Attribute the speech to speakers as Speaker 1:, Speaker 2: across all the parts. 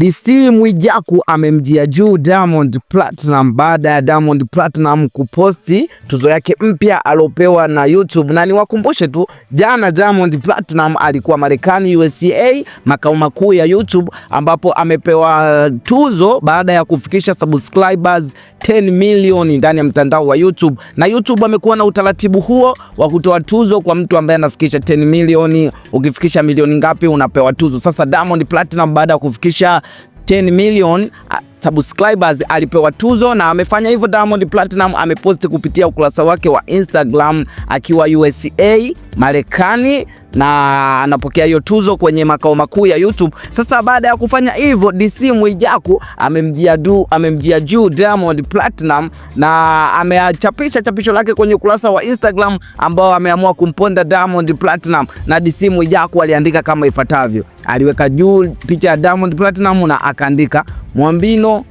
Speaker 1: Distii Mwijaku amemjia juu Diamond Platinum baada ya Diamond Platinum kuposti tuzo yake mpya aliopewa na YouTube. Na niwakumbushe tu, jana Diamond Platinum alikuwa Marekani USA, makao makuu ya YouTube, ambapo amepewa tuzo baada ya kufikisha subscribers 10 milioni ndani ya mtandao wa YouTube. Na YouTube amekuwa na utaratibu huo wa kutoa tuzo kwa mtu ambaye anafikisha 10 million. Ukifikisha milioni ngapi unapewa tuzo. Sasa Diamond Platinum baada ya kufikisha 10 million subscribers alipewa tuzo na amefanya hivyo. Diamond Platinum ameposti kupitia ukurasa wake wa Instagram akiwa USA Marekani na anapokea hiyo tuzo kwenye makao makuu ya YouTube. Sasa baada ya kufanya hivyo, DC Mwijaku amemjia du amemjia juu Diamond Platinum na amechapisha chapisho lake kwenye ukurasa wa Instagram ambao ameamua kumponda Diamond Platinum, na DC Mwijaku aliandika kama ifuatavyo, aliweka juu picha ya Diamond Platinum na akaandika Mwambino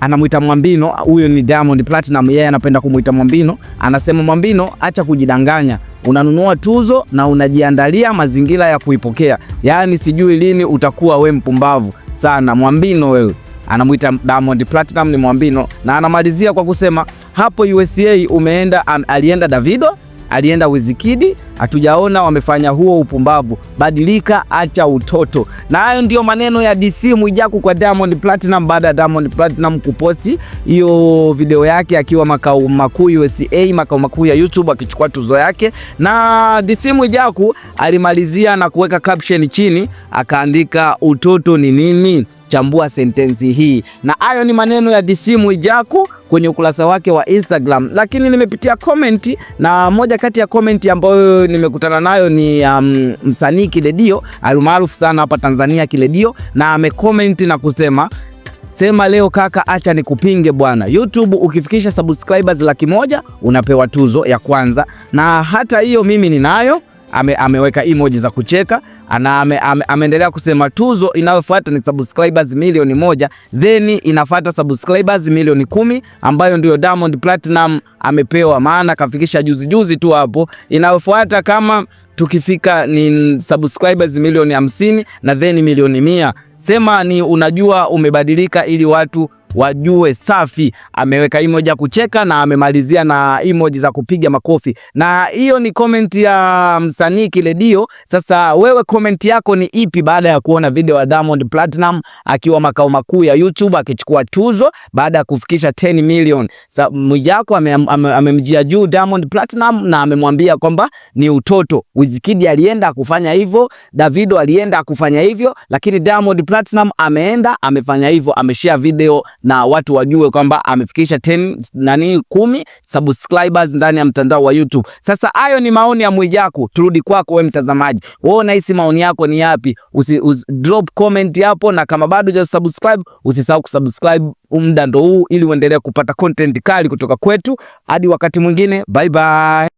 Speaker 1: anamwita Mwambino, huyo ni Diamond Platinum, yeye anapenda kumwita Mwambino. Anasema Mwambino, acha kujidanganya, unanunua tuzo na unajiandalia mazingira ya kuipokea, yaani sijui lini utakuwa we mpumbavu sana Mwambino wewe. Anamwita Diamond Platinum ni Mwambino, na anamalizia kwa kusema hapo USA umeenda, alienda Davido alienda wizikidi hatujaona wamefanya huo upumbavu. Badilika, acha utoto. Na hayo ndio maneno ya DC Mwijaku kwa Diamond Platinum baada ya Diamond Platinum kuposti hiyo video yake akiwa makao makuu USA, makao makuu ya YouTube akichukua tuzo yake, na DC Mwijaku alimalizia na kuweka caption chini akaandika utoto ni nini? Chambua sentensi hii, na hayo ni maneno ya DC Mwijaku kwenye ukurasa wake wa Instagram. Lakini nimepitia comment na moja kati ya komenti ambayo nimekutana nayo ni um, msanii Kiledio almaarufu sana hapa Tanzania Kiledio, na amekomenti na kusema Sema leo kaka, acha nikupinge bwana. YouTube ukifikisha subscribers laki moja unapewa tuzo ya kwanza, na hata hiyo mimi ninayo. Ame, ameweka emoji za kucheka ana ame, ame kusema tuzo inayofuata ni subscribers milioni moja, then inafuata subscribers milioni kumi ambayo ndio Diamond Platinum amepewa, maana kafikisha juzi juzi tu hapo. Inayofuata kama tukifika ni subscribers milioni hamsini na then milioni mia, sema ni unajua umebadilika ili watu wajue Safi ameweka emoji ya kucheka na amemalizia na emoji za kupiga makofi, na hiyo ni comment ya msanii Kille Dio. Sasa wewe comment yako ni ipi baada ya kuona video ya Diamond Platinum akiwa makao makuu ya YouTube akichukua tuzo baada ya kufikisha 10 million? Sasa mjako amemjia ame, ame juu Diamond Platinum na amemwambia kwamba ni utoto. Wizkid alienda kufanya hivyo, Davido alienda kufanya hivyo, lakini Diamond Platinum ameenda amefanya hivyo, ameshare video na watu wajue kwamba amefikisha 10 nani kumi subscribers ndani ya mtandao wa YouTube. Sasa hayo ni maoni ya Mwijaku, turudi kwako wewe mtazamaji. Wewe unahisi maoni yako ni yapi? Usi, usi, drop comment hapo na kama bado subscribe usisahau kusubscribe. Muda ndo huu ili uendelee kupata content kali kutoka kwetu. Hadi wakati mwingine, bye bye.